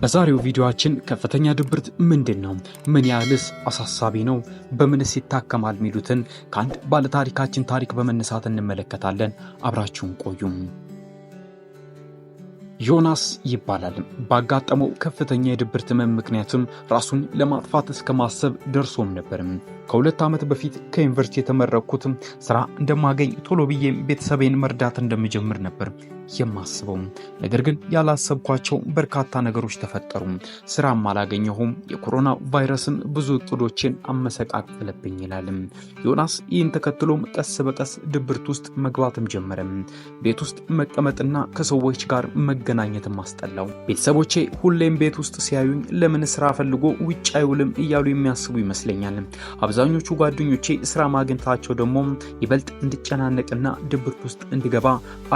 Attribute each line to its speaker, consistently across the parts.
Speaker 1: በዛሬው ቪዲዮአችን ከፍተኛ ድብርት ምንድን ነው? ምን ያህልስ አሳሳቢ ነው? በምንስ ይታከማል? የሚሉትን ከአንድ ባለታሪካችን ታሪክ በመነሳት እንመለከታለን። አብራችሁን ቆዩም። ዮናስ ይባላል። ባጋጠመው ከፍተኛ የድብርት ህመም ምክንያትም ራሱን ለማጥፋት እስከ ማሰብ ደርሶም ነበርም። ከሁለት ዓመት በፊት ከዩኒቨርሲቲ የተመረቅኩት ስራ እንደማገኝ ቶሎ ብዬም ቤተሰቤን መርዳት እንደምጀምር ነበር የማስበው። ነገር ግን ያላሰብኳቸው በርካታ ነገሮች ተፈጠሩ። ስራም አላገኘሁም። የኮሮና ቫይረስም ብዙ እቅዶችን አመሰቃቅልብኝ ይላል ዮናስ። ይህን ተከትሎም ቀስ በቀስ ድብርት ውስጥ መግባትም ጀመረ። ቤት ውስጥ መቀመጥና ከሰዎች ጋር መገናኘትም አስጠላው። ቤተሰቦቼ ሁሌም ቤት ውስጥ ሲያዩኝ ለምን ስራ ፈልጎ ውጭ አይውልም እያሉ የሚያስቡ ይመስለኛል። አብዛኞቹ ጓደኞቼ ስራ ማግኘታቸው ደግሞ ይበልጥ እንድጨናነቅና ድብርት ውስጥ እንድገባ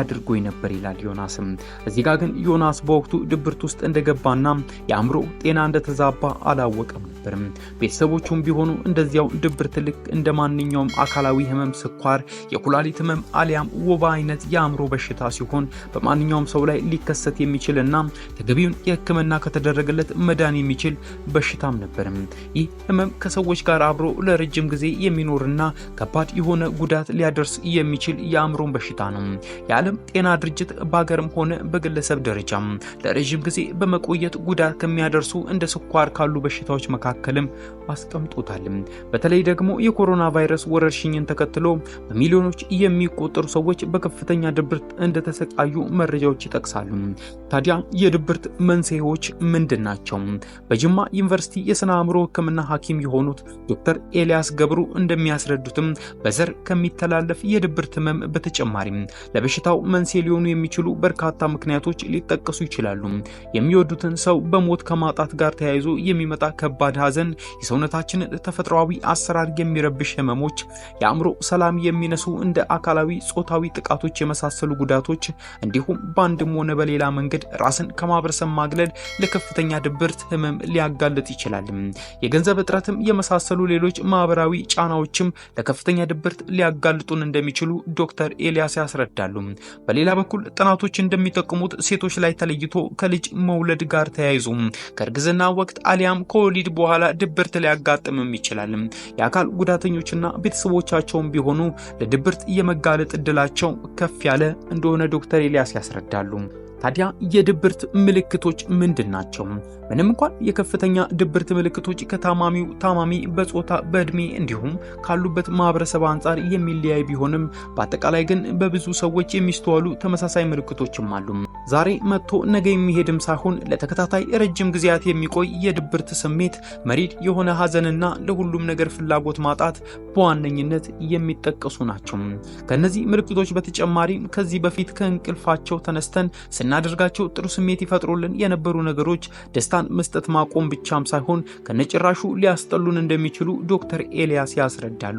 Speaker 1: አድርጎኝ ነበር ይላል ይላል ዮናስም። እዚህ ጋር ግን ዮናስ በወቅቱ ድብርት ውስጥ እንደገባና የአእምሮ ጤና እንደተዛባ አላወቀም። አልነበርም። ቤተሰቦቹም ቢሆኑ እንደዚያው ድብርት ልክ እንደ ማንኛውም አካላዊ ህመም ስኳር፣ የኩላሊት ህመም አሊያም ወባ አይነት የአእምሮ በሽታ ሲሆን በማንኛውም ሰው ላይ ሊከሰት የሚችል እና ተገቢውን የህክምና ከተደረገለት መዳን የሚችል በሽታም ነበርም። ይህ ህመም ከሰዎች ጋር አብሮ ለረጅም ጊዜ የሚኖርና ከባድ የሆነ ጉዳት ሊያደርስ የሚችል የአእምሮን በሽታ ነው። የዓለም ጤና ድርጅት በሀገርም ሆነ በግለሰብ ደረጃ ለረዥም ጊዜ በመቆየት ጉዳት ከሚያደርሱ እንደ ስኳር ካሉ በሽታዎች መካከል መካከልም አስቀምጦታልም። በተለይ ደግሞ የኮሮና ቫይረስ ወረርሽኝን ተከትሎ በሚሊዮኖች የሚቆጠሩ ሰዎች በከፍተኛ ድብርት እንደተሰቃዩ መረጃዎች ይጠቅሳሉ። ታዲያ የድብርት መንስኤዎች ምንድን ናቸው? በጅማ ዩኒቨርሲቲ የስነ አእምሮ ሕክምና ሐኪም የሆኑት ዶክተር ኤልያስ ገብሩ እንደሚያስረዱትም በዘር ከሚተላለፍ የድብርት ህመም በተጨማሪም ለበሽታው መንስኤ ሊሆኑ የሚችሉ በርካታ ምክንያቶች ሊጠቀሱ ይችላሉ። የሚወዱትን ሰው በሞት ከማጣት ጋር ተያይዞ የሚመጣ ከባድ ዘንድ የሰውነታችንን ተፈጥሯዊ አሰራር የሚረብሽ ህመሞች፣ የአእምሮ ሰላም የሚነሱ እንደ አካላዊ፣ ጾታዊ ጥቃቶች የመሳሰሉ ጉዳቶች እንዲሁም በአንድም ሆነ በሌላ መንገድ ራስን ከማህበረሰብ ማግለል ለከፍተኛ ድብርት ህመም ሊያጋልጥ ይችላል። የገንዘብ እጥረትም የመሳሰሉ ሌሎች ማህበራዊ ጫናዎችም ለከፍተኛ ድብርት ሊያጋልጡን እንደሚችሉ ዶክተር ኤልያስ ያስረዳሉ። በሌላ በኩል ጥናቶች እንደሚጠቁሙት ሴቶች ላይ ተለይቶ ከልጅ መውለድ ጋር ተያይዞ ከእርግዝና ወቅት አሊያም ከወሊድ በኋላ በኋላ ድብርት ሊያጋጥምም ይችላል። የአካል ጉዳተኞችና ቤተሰቦቻቸውም ቢሆኑ ለድብርት የመጋለጥ እድላቸው ከፍ ያለ እንደሆነ ዶክተር ኤልያስ ያስረዳሉ። ታዲያ የድብርት ምልክቶች ምንድን ናቸው? ምንም እንኳን የከፍተኛ ድብርት ምልክቶች ከታማሚው ታማሚ በጾታ በእድሜ እንዲሁም ካሉበት ማህበረሰብ አንጻር የሚለያይ ቢሆንም በአጠቃላይ ግን በብዙ ሰዎች የሚስተዋሉ ተመሳሳይ ምልክቶችም አሉ። ዛሬ መጥቶ ነገ የሚሄድም ሳይሆን ለተከታታይ ረጅም ጊዜያት የሚቆይ የድብርት ስሜት፣ መሪር የሆነ ሀዘንና ለሁሉም ነገር ፍላጎት ማጣት በዋነኝነት የሚጠቀሱ ናቸው። ከእነዚህ ምልክቶች በተጨማሪም ከዚህ በፊት ከእንቅልፋቸው ተነስተን ስና ስናደርጋቸው ጥሩ ስሜት ይፈጥሩልን የነበሩ ነገሮች ደስታን መስጠት ማቆም ብቻም ሳይሆን ከነጭራሹ ሊያስጠሉን እንደሚችሉ ዶክተር ኤልያስ ያስረዳሉ።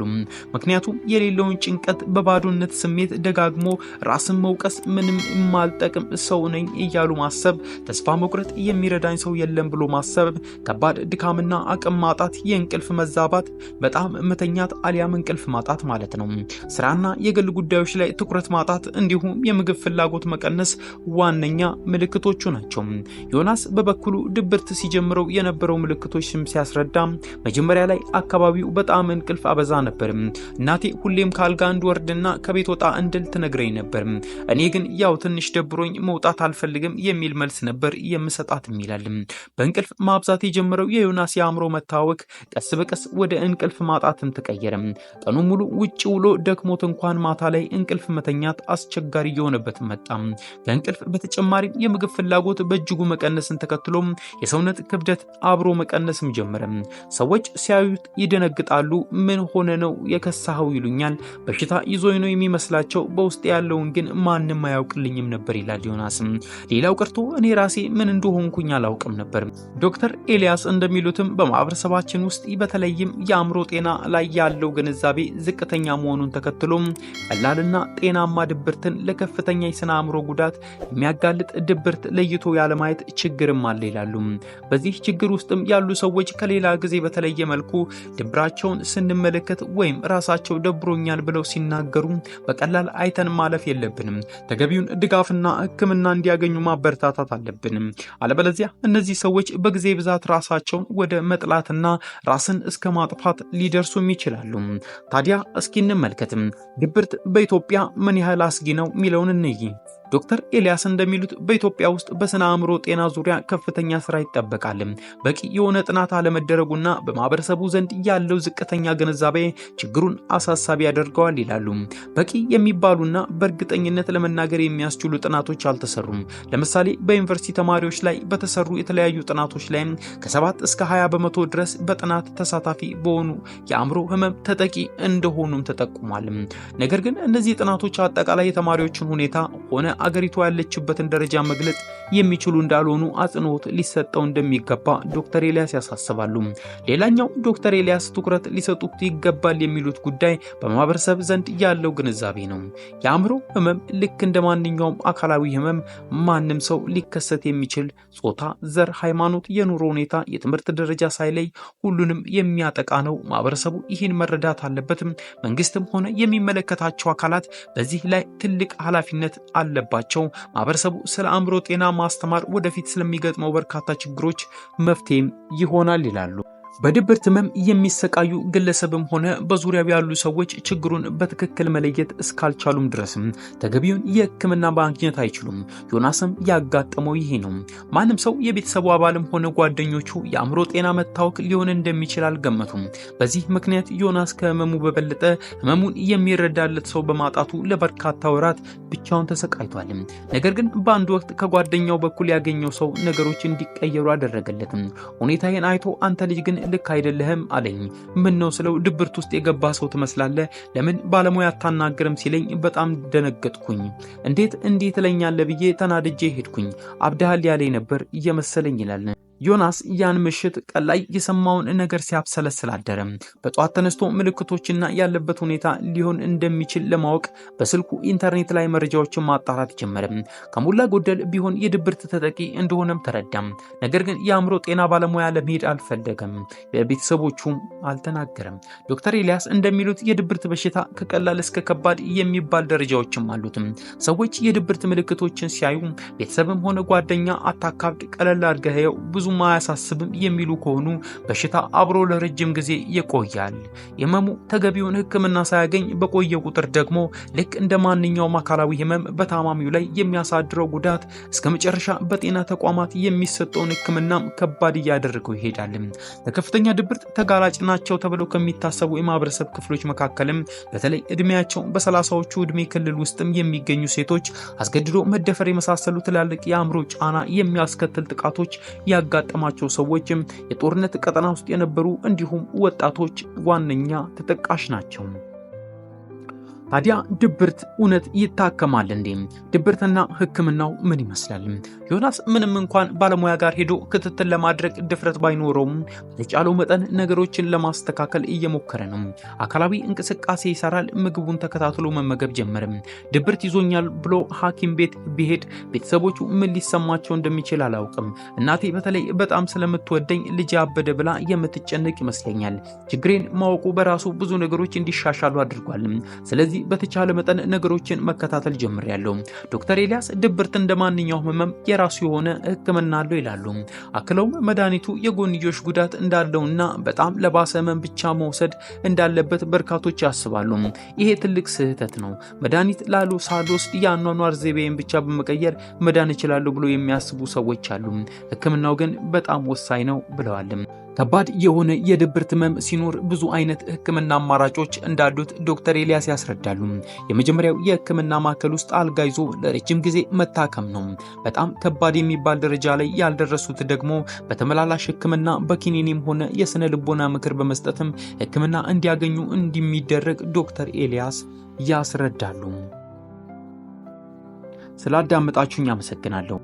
Speaker 1: ምክንያቱም የሌለውን ጭንቀት በባዶነት ስሜት ደጋግሞ ራስን መውቀስ፣ ምንም የማልጠቅም ሰው ነኝ እያሉ ማሰብ፣ ተስፋ መቁረጥ፣ የሚረዳኝ ሰው የለም ብሎ ማሰብ፣ ከባድ ድካምና አቅም ማጣት፣ የእንቅልፍ መዛባት፣ በጣም መተኛት አሊያም እንቅልፍ ማጣት ማለት ነው። ስራና የግል ጉዳዮች ላይ ትኩረት ማጣት እንዲሁም የምግብ ፍላጎት መቀነስ ዋና ዋነኛ ምልክቶቹ ናቸው። ዮናስ በበኩሉ ድብርት ሲጀምረው የነበረው ምልክቶች ስም ሲያስረዳ መጀመሪያ ላይ አካባቢው በጣም እንቅልፍ አበዛ ነበር። እናቴ ሁሌም ከአልጋ እንድወርድና ከቤት ወጣ እንድል ትነግረኝ ነበር። እኔ ግን ያው ትንሽ ደብሮኝ መውጣት አልፈልግም የሚል መልስ ነበር የምሰጣት ይላል። በእንቅልፍ ማብዛት የጀመረው የዮናስ የአእምሮ መታወክ ቀስ በቀስ ወደ እንቅልፍ ማጣትም ተቀየረ። ቀኑ ሙሉ ውጭ ውሎ ደክሞት እንኳን ማታ ላይ እንቅልፍ መተኛት አስቸጋሪ እየሆነበት መጣ። ከእንቅልፍ በተጨማሪ የምግብ ፍላጎት በእጅጉ መቀነስን ተከትሎ የሰውነት ክብደት አብሮ መቀነስም ጀመረ። ሰዎች ሲያዩት ይደነግጣሉ። ምን ሆነ ነው የከሳኸው ይሉኛል። በሽታ ይዞኝ ነው የሚመስላቸው። በውስጥ ያለውን ግን ማንም አያውቅልኝም ነበር ይላል ዮናስ። ሌላው ቀርቶ እኔ ራሴ ምን እንደሆንኩኝ አላውቅም ነበር። ዶክተር ኤልያስ እንደሚሉትም በማህበረሰባችን ውስጥ በተለይም የአእምሮ ጤና ላይ ያለው ግንዛቤ ዝቅተኛ መሆኑን ተከትሎ ቀላልና ጤናማ ድብርትን ለከፍተኛ የስነ አእምሮ ጉዳት የሚያ የሚያጋልጥ ድብርት ለይቶ ያለማየት ችግርም አለ ይላሉ። በዚህ ችግር ውስጥም ያሉ ሰዎች ከሌላ ጊዜ በተለየ መልኩ ድብራቸውን ስንመለከት ወይም ራሳቸው ደብሮኛል ብለው ሲናገሩ በቀላል አይተን ማለፍ የለብንም። ተገቢውን ድጋፍና ሕክምና እንዲያገኙ ማበረታታት አለብንም። አለበለዚያ እነዚህ ሰዎች በጊዜ ብዛት ራሳቸውን ወደ መጥላትና ራስን እስከ ማጥፋት ሊደርሱም ይችላሉ። ታዲያ እስኪ እንመልከትም ድብርት በኢትዮጵያ ምን ያህል አስጊ ነው የሚለውን እንይ። ዶክተር ኤልያስ እንደሚሉት በኢትዮጵያ ውስጥ በስነ አእምሮ ጤና ዙሪያ ከፍተኛ ስራ ይጠበቃል። በቂ የሆነ ጥናት አለመደረጉና በማህበረሰቡ ዘንድ ያለው ዝቅተኛ ግንዛቤ ችግሩን አሳሳቢ ያደርገዋል ይላሉ። በቂ የሚባሉና በእርግጠኝነት ለመናገር የሚያስችሉ ጥናቶች አልተሰሩም። ለምሳሌ በዩኒቨርሲቲ ተማሪዎች ላይ በተሰሩ የተለያዩ ጥናቶች ላይ ከ7 እስከ 20 በመቶ ድረስ በጥናት ተሳታፊ በሆኑ የአእምሮ ህመም ተጠቂ እንደሆኑም ተጠቁሟል። ነገር ግን እነዚህ ጥናቶች አጠቃላይ የተማሪዎችን ሁኔታ ሆነ አገሪቷ ያለችበትን ደረጃ መግለጽ የሚችሉ እንዳልሆኑ አጽንኦት ሊሰጠው እንደሚገባ ዶክተር ኤልያስ ያሳስባሉ። ሌላኛው ዶክተር ኤልያስ ትኩረት ሊሰጡት ይገባል የሚሉት ጉዳይ በማህበረሰብ ዘንድ ያለው ግንዛቤ ነው። የአእምሮ ህመም ልክ እንደ ማንኛውም አካላዊ ህመም ማንም ሰው ሊከሰት የሚችል ጾታ፣ ዘር፣ ሃይማኖት፣ የኑሮ ሁኔታ፣ የትምህርት ደረጃ ሳይለይ ሁሉንም የሚያጠቃ ነው። ማህበረሰቡ ይህን መረዳት አለበትም። መንግስትም ሆነ የሚመለከታቸው አካላት በዚህ ላይ ትልቅ ኃላፊነት አለበት አለባቸው። ማህበረሰቡ ስለ አእምሮ ጤና ማስተማር ወደፊት ስለሚገጥመው በርካታ ችግሮች መፍትሄም ይሆናል ይላሉ። በድብርት ህመም የሚሰቃዩ ግለሰብም ሆነ በዙሪያው ያሉ ሰዎች ችግሩን በትክክል መለየት እስካልቻሉም ድረስም ተገቢውን የህክምና ማግኘት አይችሉም። ዮናስም ያጋጠመው ይሄ ነው። ማንም ሰው የቤተሰቡ አባልም ሆነ ጓደኞቹ የአእምሮ ጤና መታወክ ሊሆን እንደሚችል አልገመቱም። በዚህ ምክንያት ዮናስ ከህመሙ በበለጠ ህመሙን የሚረዳለት ሰው በማጣቱ ለበርካታ ወራት ብቻውን ተሰቃይቷል። ነገር ግን በአንድ ወቅት ከጓደኛው በኩል ያገኘው ሰው ነገሮች እንዲቀየሩ አደረገለትም። ሁኔታዬን አይቶ አንተ ልጅ ግን ልክ አይደለህም አለኝ። ምን ነው ስለው ድብርት ውስጥ የገባ ሰው ትመስላለህ፣ ለምን ባለሙያ አታናግርም ሲለኝ በጣም ደነገጥኩኝ። እንዴት እንዲህ ትለኛለህ ብዬ ተናድጄ ሄድኩኝ። አብድሃል ያለኝ ነበር እየመሰለኝ ይላል። ዮናስ ያን ምሽት ቀን ላይ የሰማውን ነገር ሲያብሰለስል አደረ። በጠዋት ተነስቶ ምልክቶችና ያለበት ሁኔታ ሊሆን እንደሚችል ለማወቅ በስልኩ ኢንተርኔት ላይ መረጃዎችን ማጣራት ጀመረ። ከሞላ ጎደል ቢሆን የድብርት ተጠቂ እንደሆነም ተረዳም። ነገር ግን የአእምሮ ጤና ባለሙያ ለመሄድ አልፈለገም፣ ለቤተሰቦቹም አልተናገረም። ዶክተር ኤልያስ እንደሚሉት የድብርት በሽታ ከቀላል እስከ ከባድ የሚባል ደረጃዎችም አሉት። ሰዎች የድብርት ምልክቶችን ሲያዩ ቤተሰብም ሆነ ጓደኛ አታካብድ፣ ቀለል አድርገኸው ብዙም አያሳስብም የሚሉ ከሆኑ በሽታ አብሮ ለረጅም ጊዜ ይቆያል። ህመሙ ተገቢውን ሕክምና ሳያገኝ በቆየ ቁጥር ደግሞ ልክ እንደ ማንኛውም አካላዊ ህመም በታማሚው ላይ የሚያሳድረው ጉዳት እስከ መጨረሻ በጤና ተቋማት የሚሰጠውን ሕክምናም ከባድ እያደረገው ይሄዳል። ለከፍተኛ ድብርት ተጋላጭ ናቸው ተብለው ከሚታሰቡ የማህበረሰብ ክፍሎች መካከልም በተለይ እድሜያቸው በሰላሳዎቹ እድሜ ክልል ውስጥም የሚገኙ ሴቶች አስገድዶ መደፈር የመሳሰሉ ትላልቅ የአእምሮ ጫና የሚያስከትል ጥቃቶች ያጋ ያጋጠማቸው ሰዎችም የጦርነት ቀጠና ውስጥ የነበሩ እንዲሁም ወጣቶች ዋነኛ ተጠቃሽ ናቸው። ታዲያ ድብርት እውነት ይታከማል እንዴ? ድብርትና ሕክምናው ምን ይመስላል? ዮናስ ምንም እንኳን ባለሙያ ጋር ሄዶ ክትትል ለማድረግ ድፍረት ባይኖረውም በተቻለው መጠን ነገሮችን ለማስተካከል እየሞከረ ነው። አካላዊ እንቅስቃሴ ይሰራል፣ ምግቡን ተከታትሎ መመገብ ጀመርም። ድብርት ይዞኛል ብሎ ሐኪም ቤት ቢሄድ ቤተሰቦቹ ምን ሊሰማቸው እንደሚችል አላውቅም። እናቴ በተለይ በጣም ስለምትወደኝ ልጅ አበደ ብላ የምትጨነቅ ይመስለኛል። ችግሬን ማወቁ በራሱ ብዙ ነገሮች እንዲሻሻሉ አድርጓል። ስለዚህ በተቻለ መጠን ነገሮችን መከታተል ጀምሬያለሁ። ዶክተር ኤልያስ ድብርት እንደ ማንኛውም ህመም የራሱ የሆነ ህክምና አለው ይላሉ። አክለውም መድኃኒቱ የጎንዮሽ ጉዳት እንዳለውና በጣም ለባሰ ህመም ብቻ መውሰድ እንዳለበት በርካቶች ያስባሉ። ይሄ ትልቅ ስህተት ነው። መድኃኒት ላሉ ሳልወስድ የአኗኗር ዘይቤን ብቻ በመቀየር መዳን እችላለሁ ብሎ የሚያስቡ ሰዎች አሉ። ህክምናው ግን በጣም ወሳኝ ነው ብለዋል። ከባድ የሆነ የድብርት ህመም ሲኖር ብዙ አይነት ህክምና አማራጮች እንዳሉት ዶክተር ኤልያስ ያስረዳሉ። የመጀመሪያው የህክምና ማዕከል ውስጥ አልጋ ይዞ ለረጅም ጊዜ መታከም ነው። በጣም ከባድ የሚባል ደረጃ ላይ ያልደረሱት ደግሞ በተመላላሽ ህክምና በኪኒኒም ሆነ የስነ ልቦና ምክር በመስጠትም ህክምና እንዲያገኙ እንደሚደረግ ዶክተር ኤልያስ ያስረዳሉ። ስላዳመጣችሁኝ አመሰግናለሁ።